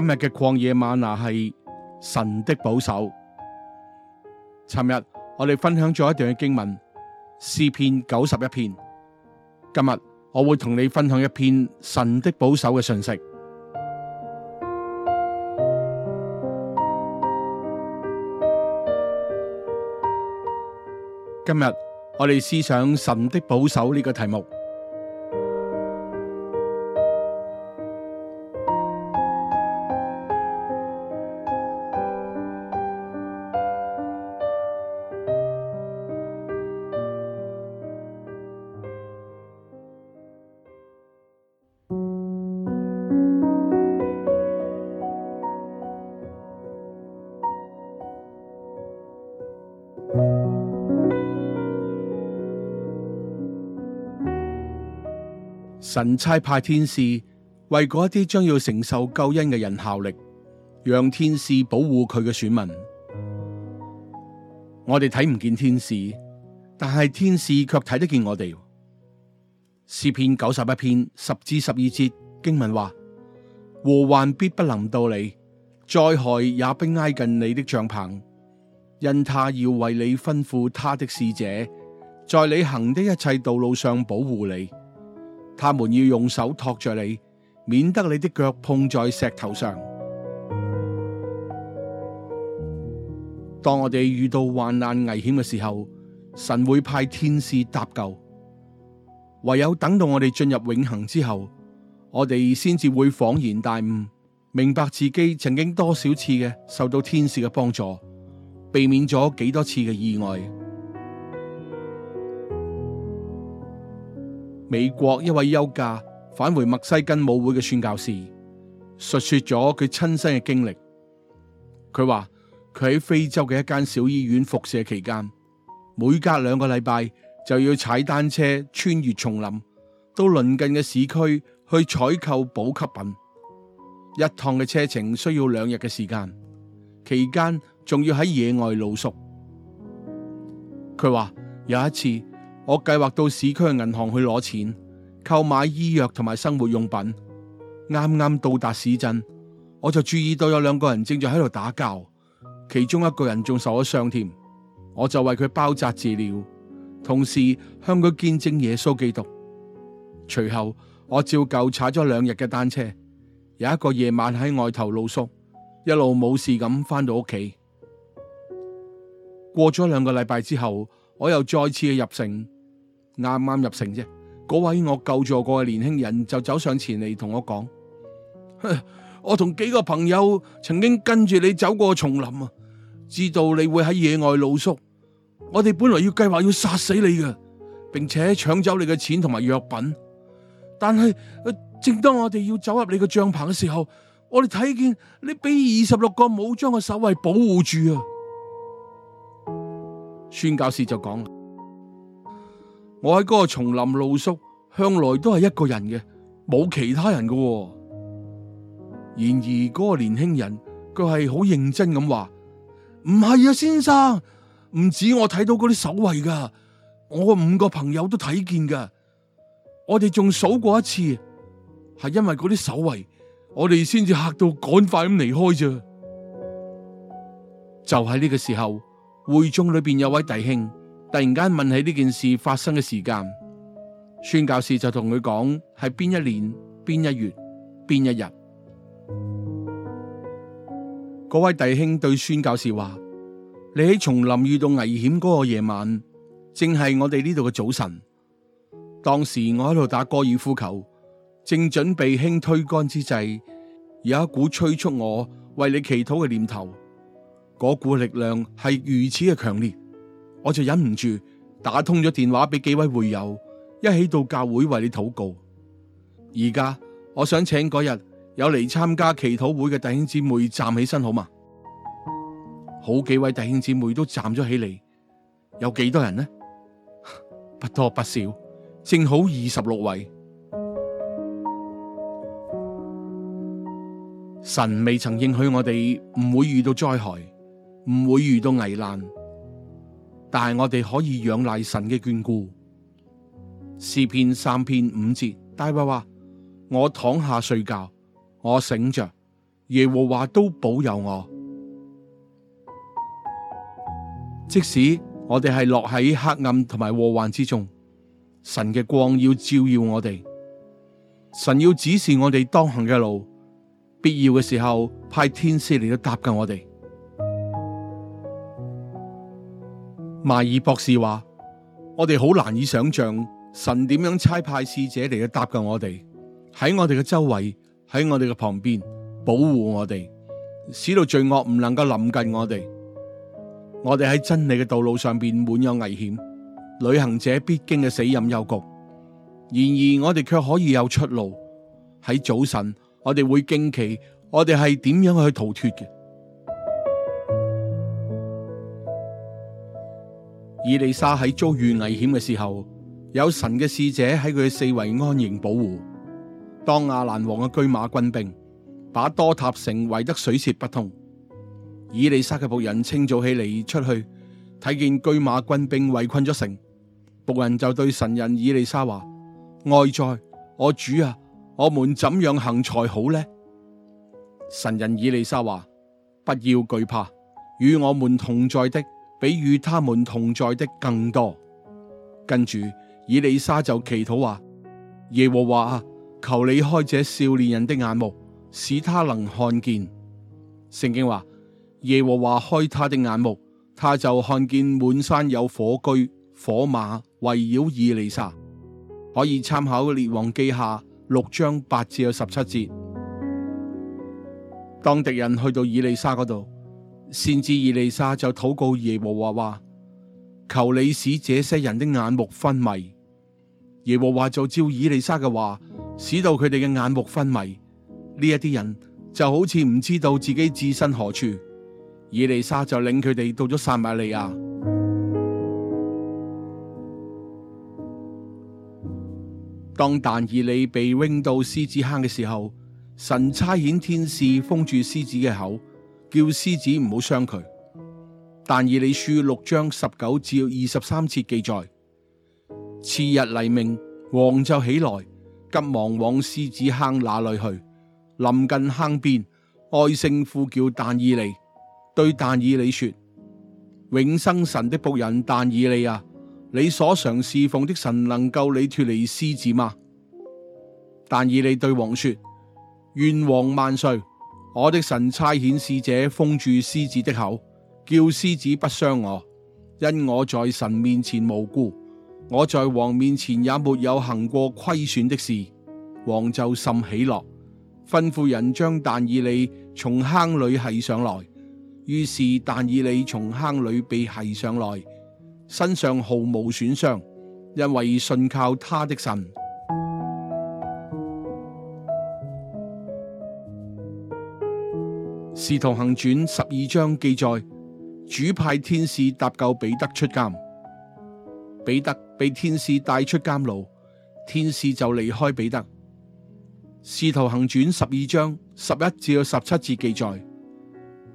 今日嘅曠野嗎哪係神的保守。尋日我哋分享咗一段嘅經文，詩篇九十一篇。今日我會同你分享一篇神的保守嘅信息。今日我哋思想神的保守呢個題目。神差派天使為嗰一啲將要承受救恩嘅人效力，讓天使保護佢嘅選民。我哋睇唔見天使，但係天使卻睇得見我哋。詩篇九十一篇十至十二節經文話：禍患必不能到你，災害也不挨近你的帳棚，因他要為你吩咐他的使者，在你行的一切道路上保護你。他們要用手託着你，免得你的腳碰在石頭上。當我哋遇到患難危險嘅時候，神會派天使搭救。唯有等到我哋進入永恆之後，我哋先至會恍然大悟，明白自己曾經多少次嘅受到天使嘅幫助，避免咗幾多次嘅意外。美國一位休假返回密西根母會嘅宣教士述說咗佢親身嘅經歷。佢話佢喺非洲嘅一間小醫院服侍的期間，每隔兩個禮拜就要踩單車穿越叢林，到鄰近嘅市區去採購補給品。一趟嘅車程需要兩日嘅時間，期間仲要喺野外露宿。佢話有一次。我計劃到市區嘅銀行去攞錢，購買醫藥同埋生活用品。啱啱到達市鎮，我就注意到有兩個人正在喺度打交，其中一個人仲受咗傷添。我就為佢包紮治療，同時向佢見證耶穌基督。隨後我照舊踩咗兩日嘅單車，有一個夜晚喺外頭露宿，一路冇事咁翻到屋企。過咗兩個禮拜之後。我又再次嘅入城，啱啱入城啫。嗰位我救助過嘅年輕人就走上前嚟同我講：我同幾個朋友曾經跟住你走過叢林啊，知道你會喺野外露宿。我哋本來要計劃要殺死你嘅，並且搶走你嘅錢同埋藥品。但係，正當我哋要走入你嘅帳篷嘅時候，我哋睇見你俾二十六個武裝嘅守衛保護住啊！宣教士就講啦：我喺嗰個叢林露宿，向來都係一個人嘅，冇其他人喎。然而嗰個年輕人佢係好認真咁話：唔係啊，先生，唔止我睇到嗰啲守衛噶，我五個朋友都睇見噶，我哋仲數過一次，係因為嗰啲守衛，我哋先至吓到，趕快咁離開啫。就喺呢個時候，會眾裏邊有位弟兄突然間問起呢件事發生嘅時間，宣教士就同佢講係邊一年、邊一月、邊一日。嗰位弟兄對宣教士話：你喺叢林遇到危險嗰個夜晚，正係我哋呢度嘅早晨。當時我喺度打高爾夫球，正準備輕推杆之際，有一股催促我為你祈禱嘅念頭。嗰股力量係如此嘅強烈，我就忍唔住打通咗電話俾幾位會友，一起到教會為你禱告。而家我想請嗰日有嚟參加祈禱會嘅弟兄姊妹站起身，好嘛？好幾位弟兄姊妹都站咗起嚟，有幾多人呢？不多不少，正好二十六位。神未曾應許我哋唔會遇到災害。唔會遇到危難，但係我哋可以仰賴神嘅眷顧。詩篇三篇五節，大衛話，話：我躺下睡覺，我醒着，耶和華都保佑我。即使我哋係落喺黑暗同埋禍患之中，神嘅光要照耀我哋，神要指示我哋當行嘅路，必要嘅時候派天使嚟到搭救我哋。邁爾博士話：我哋好難以想象神點樣差派使者嚟去搭救我哋，喺我哋嘅周圍，喺我哋嘅旁邊保護我哋，使到罪惡唔能夠臨近我哋。我哋喺真理嘅道路上邊滿有危險，旅行者必經嘅死蔭幽谷。然而我哋卻可以有出路。喺早晨，我哋會驚奇，我哋係點樣去逃脫嘅。以利沙喺遭遇危險嘅時候，有神嘅使者喺佢四圍安營保護。當亞蘭王嘅居馬軍兵把多塔城圍得水泄不通，以利沙嘅僕人清早起嚟出去，睇見居馬軍兵圍困咗城，僕人就對神人以利沙話：哀哉，我主啊，我們怎樣行才好呢？神人以利沙話：不要懼怕，與我們同在的。比與他們同在的更多。跟住，以利沙就祈禱話：耶和華啊，求你開這少年人的眼目，使他能看見。聖經話：耶和華開他的眼目，他就看見滿山有火車、火馬圍繞以利沙。可以參考《列王記下》六章八至十七節。當敵人去到以利沙嗰度。先知以利沙就禱告耶和華話：求你使這些人的眼目昏迷。耶和華就照以利沙嘅話，使到佢哋嘅眼目昏迷。呢一啲人就好似唔知道自己置身何處。以利沙就領佢哋到咗撒馬利亞。當但以利被扔到獅子坑嘅時候，神差遣天使封住獅子嘅口。叫獅子唔好傷佢，但以理書六章十九至二十三節記載：次日黎明，王就起來，急忙往獅子坑那裏去。臨近坑邊，哀聲呼叫但以理，對但以理說：永生神的僕人但以理啊，你所常侍奉的神能夠你脫離獅子嗎？但以理對王說：願王萬歲。我的神差遣使者封住獅子的口，叫獅子不傷我，因我在神面前無辜，我在王面前也沒有行過虧損的事。王就甚喜樂，吩咐人將但以理從坑裏繫上來。於是但以理從坑裏被繫上來，身上毫無損傷，因為信靠他的神。《使徒行傳》十二章記載，主派天使搭救彼得出監。彼得被天使帶出監牢，天使就離開彼得。《使徒行傳》十二章十一至十七節記載，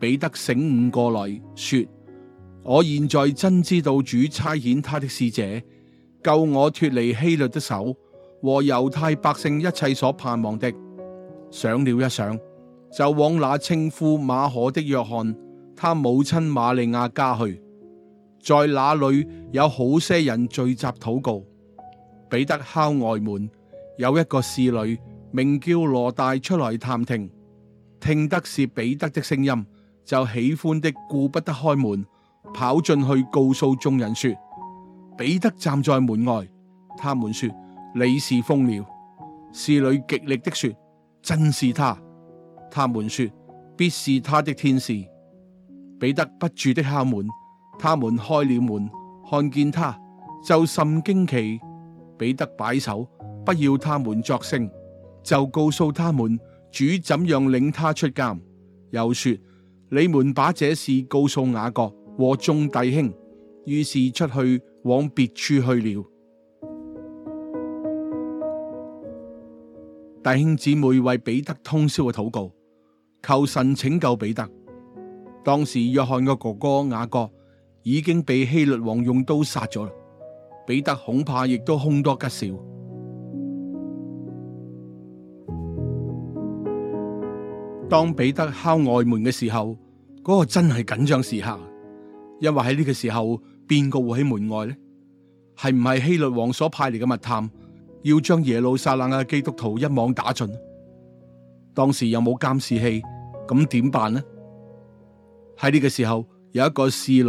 彼得醒悟過來，說：我現在真知道主差遣他的使者救我脫離希律的手和猶太百姓一切所盼望的。想了一想。就往那稱呼馬可的約翰，他母親瑪利亞家去，在那裏有好些人聚集禱告。彼得敲外門，有一個侍女名叫羅大出來探聽，聽得是彼得的聲音，就喜歡的顧不得開門，跑進去告訴眾人說：彼得站在門外，他們說你是瘋了。侍女極力的說：真是他。他們說必是他的天使。彼得不住的敲門，他們開了門，看見他就甚驚奇。彼得擺手，不要他們作聲，就告訴他們主怎樣領他出監。又說，你們把這事告訴雅各和眾弟兄。於是出去往別處去了。弟兄姊妹為彼得通宵嘅禱告。求神拯救彼得。當時約翰嘅哥哥雅各已經被希律王用刀殺咗啦，彼得恐怕亦都凶多吉少。當彼得敲外門嘅時候，嗰個真係緊張時刻，因為喺呢個時候，邊個會喺門外呢？係唔係希律王所派嚟嘅密探，要將耶路撒冷嘅基督徒一網打盡？當時有冇監視器。咁點辦呢？喺呢個時候有一個侍女，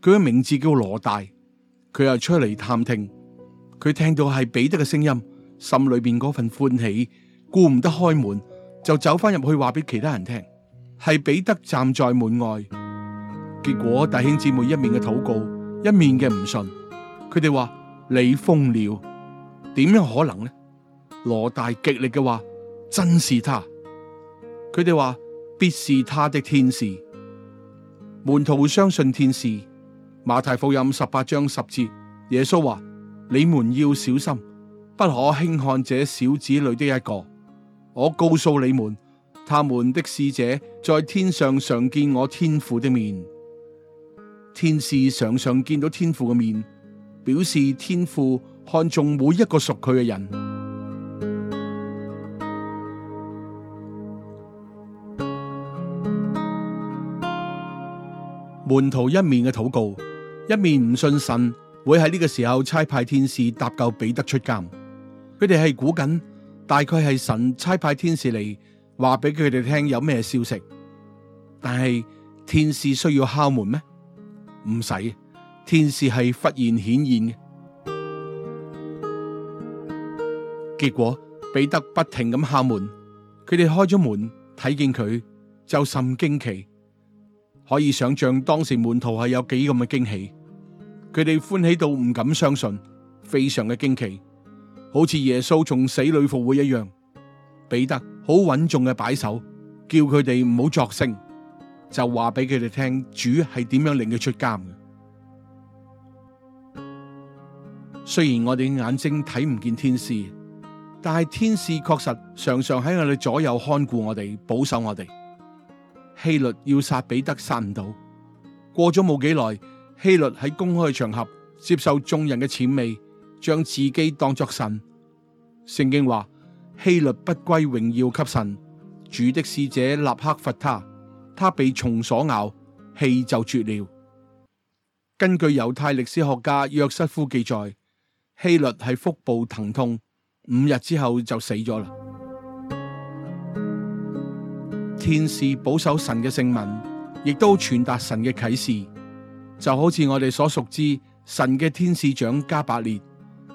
佢嘅名字叫羅大，佢又出嚟探聽。佢聽到係彼得嘅聲音，心裏邊嗰份歡喜，顧唔得開門就走翻入去，話俾其他人聽係彼得站在門外。結果弟兄姊妹一面嘅禱告，一面嘅唔信，佢哋話你瘋了，點樣可能呢？羅大極力嘅話，真是他。佢哋話。必是他的天使。門徒相信天使。馬太福音十八章十節，耶穌話：你們要小心，不可輕看這小子裏的一個。我告訴你們，他們的使者在天上常見我天父的面。天使常常見到天父嘅面，表示天父看中每一個屬佢嘅人。門徒一面嘅禱告，一面唔信神會喺呢個時候差派天使搭救彼得出監。佢哋係估緊，大概係神差派天使嚟，話俾佢哋聽有咩消息。但係天使需要敲門咩？唔使，天使係忽然顯現嘅。結果彼得不停咁敲門，佢哋開咗門睇見佢就甚驚奇。可以想象當時門徒係有幾咁嘅驚喜，佢哋歡喜到唔敢相信，非常嘅驚奇，好似耶穌從死裏復活一樣。彼得好穩重嘅擺手，叫佢哋唔好作聲，就話俾佢哋聽主係點樣領佢出監嘅。雖然我哋嘅眼睛睇唔見天使，但係天使確實常常喺我哋左右看顧我哋，保守我哋。希律要殺彼得殺唔到，過咗冇幾耐，希律喺公開場合接受眾人嘅諂媚，將自己當作神。聖經話希律不歸榮耀給神，主的使者立刻罰他，他被蟲所咬，氣就絕了。根據猶太歷史學家約瑟夫記載，希律係腹部疼痛，五日之後就死咗啦。天使保守神嘅聖民，亦都傳達神嘅啟示，就好似我哋所熟知神嘅天使長加百列，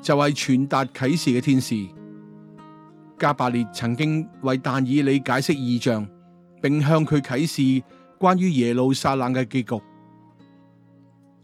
就係、是、傳達啟示嘅天使。加百列曾經為但以理解釋異象，並向佢啟示關於耶路撒冷嘅結局。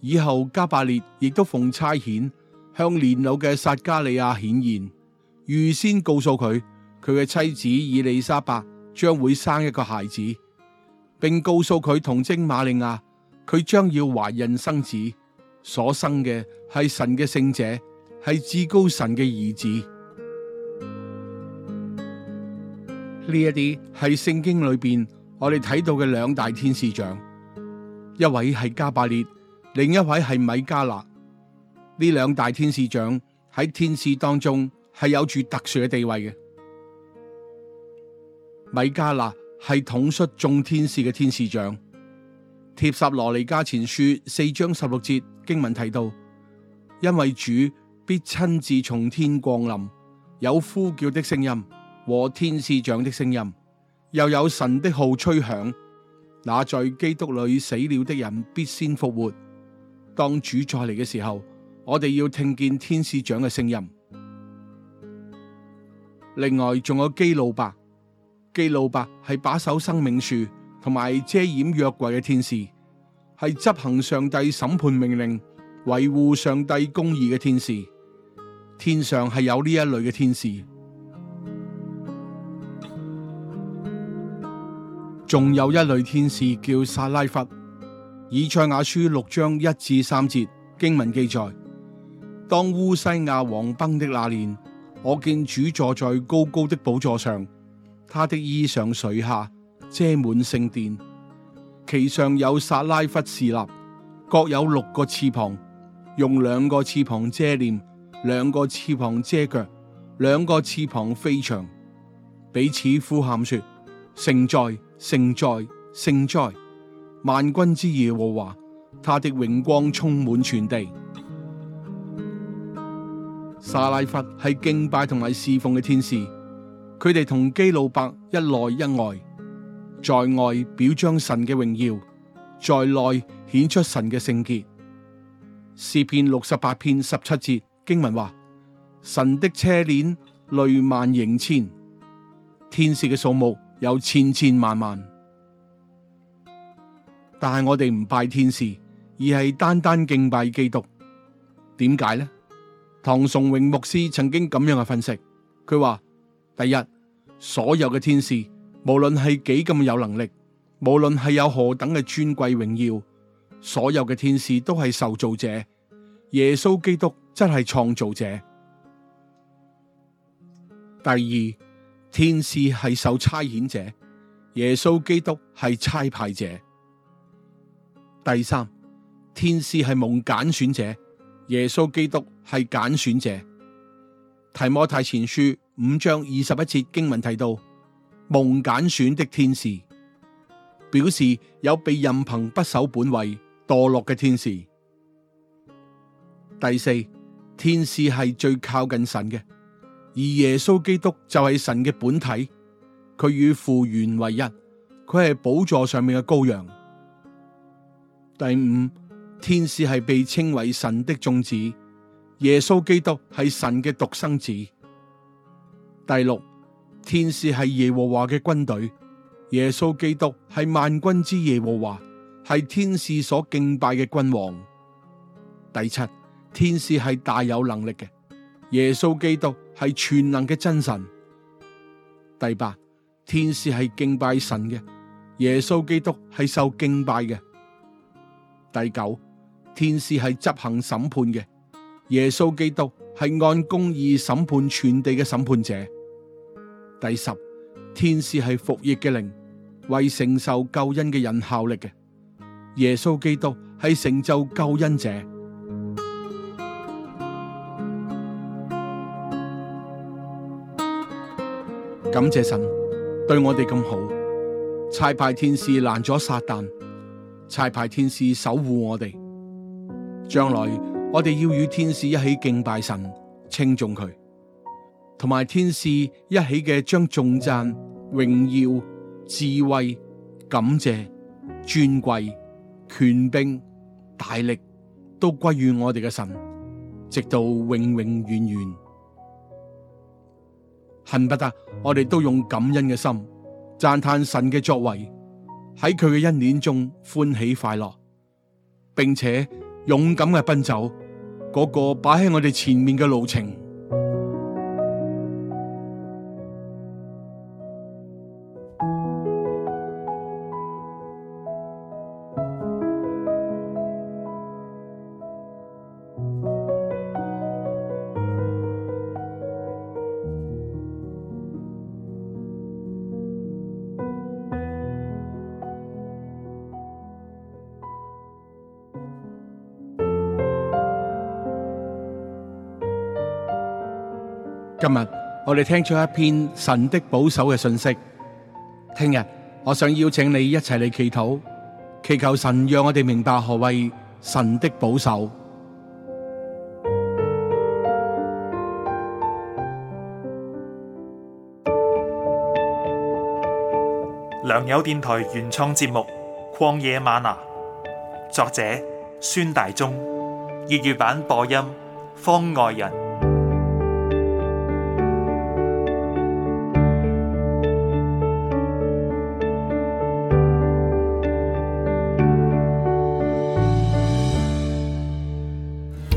以後加百列亦都奉差遣向年老嘅撒加利亞顯現，預先告訴佢佢嘅妻子以利沙伯。將會生一個孩子，並告訴佢童貞瑪利亞，佢將要懷孕生子，所生嘅係神嘅聖者，係至高神嘅兒子。呢一啲係聖經裏邊我哋睇到嘅兩大天使長，一位係加百列，另一位係米迦勒。呢兩大天使長喺天使當中係有住特殊嘅地位嘅。米迦勒係統率眾天使嘅天使長。帖撒羅尼加前書四章十六節經文提到：因為主必親自從天降臨，有呼叫的聲音和天使長的聲音，又有神的號吹響。那在基督裏死了的人必先復活。當主再來嘅時候，我哋要聽見天使長嘅聲音。另外仲有基路伯。基路伯係把守生命樹同埋遮掩約櫃嘅天使，係執行上帝審判命令、維護上帝公義嘅天使。天上係有呢一類嘅天使。仲有一類天使叫撒拉弗，以賽亞書六章一至三節經文記載：當烏西亞王崩的那年，我見主坐在高高的寶座上。他的衣裳垂下遮滿聖殿，其上有撒拉弗侍立，各有六個翅膀，用兩個翅膀遮臉，兩個翅膀遮腳，兩個翅膀飛翔，彼此呼喊說：聖哉，聖哉，聖哉,哉！萬軍之耶和華，他的榮光充滿全地。撒拉弗係敬拜同埋侍奉嘅天使。佢哋同基路伯一內一外，在外表彰神嘅榮耀，在內顯出神嘅聖潔。詩篇六十八篇十七節經文話：神的車辇累萬盈千，天使嘅數目有千千萬萬。但係我哋唔拜天使，而係單單敬拜基督。點解呢？唐崇榮牧師曾經咁樣嘅分析，佢話：第一。所有嘅天使，無論係幾咁有能力，無論係有何等嘅尊貴榮耀，所有嘅天使都係受造者，耶穌基督真係創造者。第二，天使係受差遣者，耶穌基督係差派者。第三，天使係蒙揀選者，耶穌基督係揀選者。提摩太前書。五章二十一節經文提到，蒙揀選的天使，表示有被任憑不守本位墮落嘅天使。第四，天使係最靠近神嘅，而耶穌基督就係神嘅本體，佢與父原為一，佢係寶座上面嘅羔羊。第五，天使係被稱為神的眾子，耶穌基督係神嘅獨生子。第六，天使係耶和華嘅軍隊，耶穌基督係萬軍之耶和華，係天使所敬拜嘅君王。第七，天使係大有能力嘅，耶穌基督係全能嘅真神。第八，天使係敬拜神嘅，耶穌基督係受敬拜嘅。第九，天使係執行審判嘅，耶穌基督係按公義審判全地嘅審判者。第十，天使係服役嘅靈，為承受救恩嘅人效力嘅。耶穌基督係成就救恩者。感謝神對我哋咁好，差派天使攔咗撒旦，差派天使守護我哋。將來我哋要與天使一起敬拜神，稱頌佢。同埋天使一起嘅，將頌讚、榮耀、智慧、感謝、尊貴、權柄、大力都歸於我哋嘅神，直到永永遠遠。恨不得我哋都用感恩嘅心讚歎神嘅作為，喺佢嘅恩典中歡喜快樂，並且勇敢嘅奔走嗰、那個擺喺我哋前面嘅路程。我哋聽咗一篇神的保守嘅信息。聽日，我想邀請你一齊嚟祈禱，祈求神讓我哋明白何謂神的保守。良友電台原創節目《曠野嗎哪》，作者孫大中，粵語版播音方外人。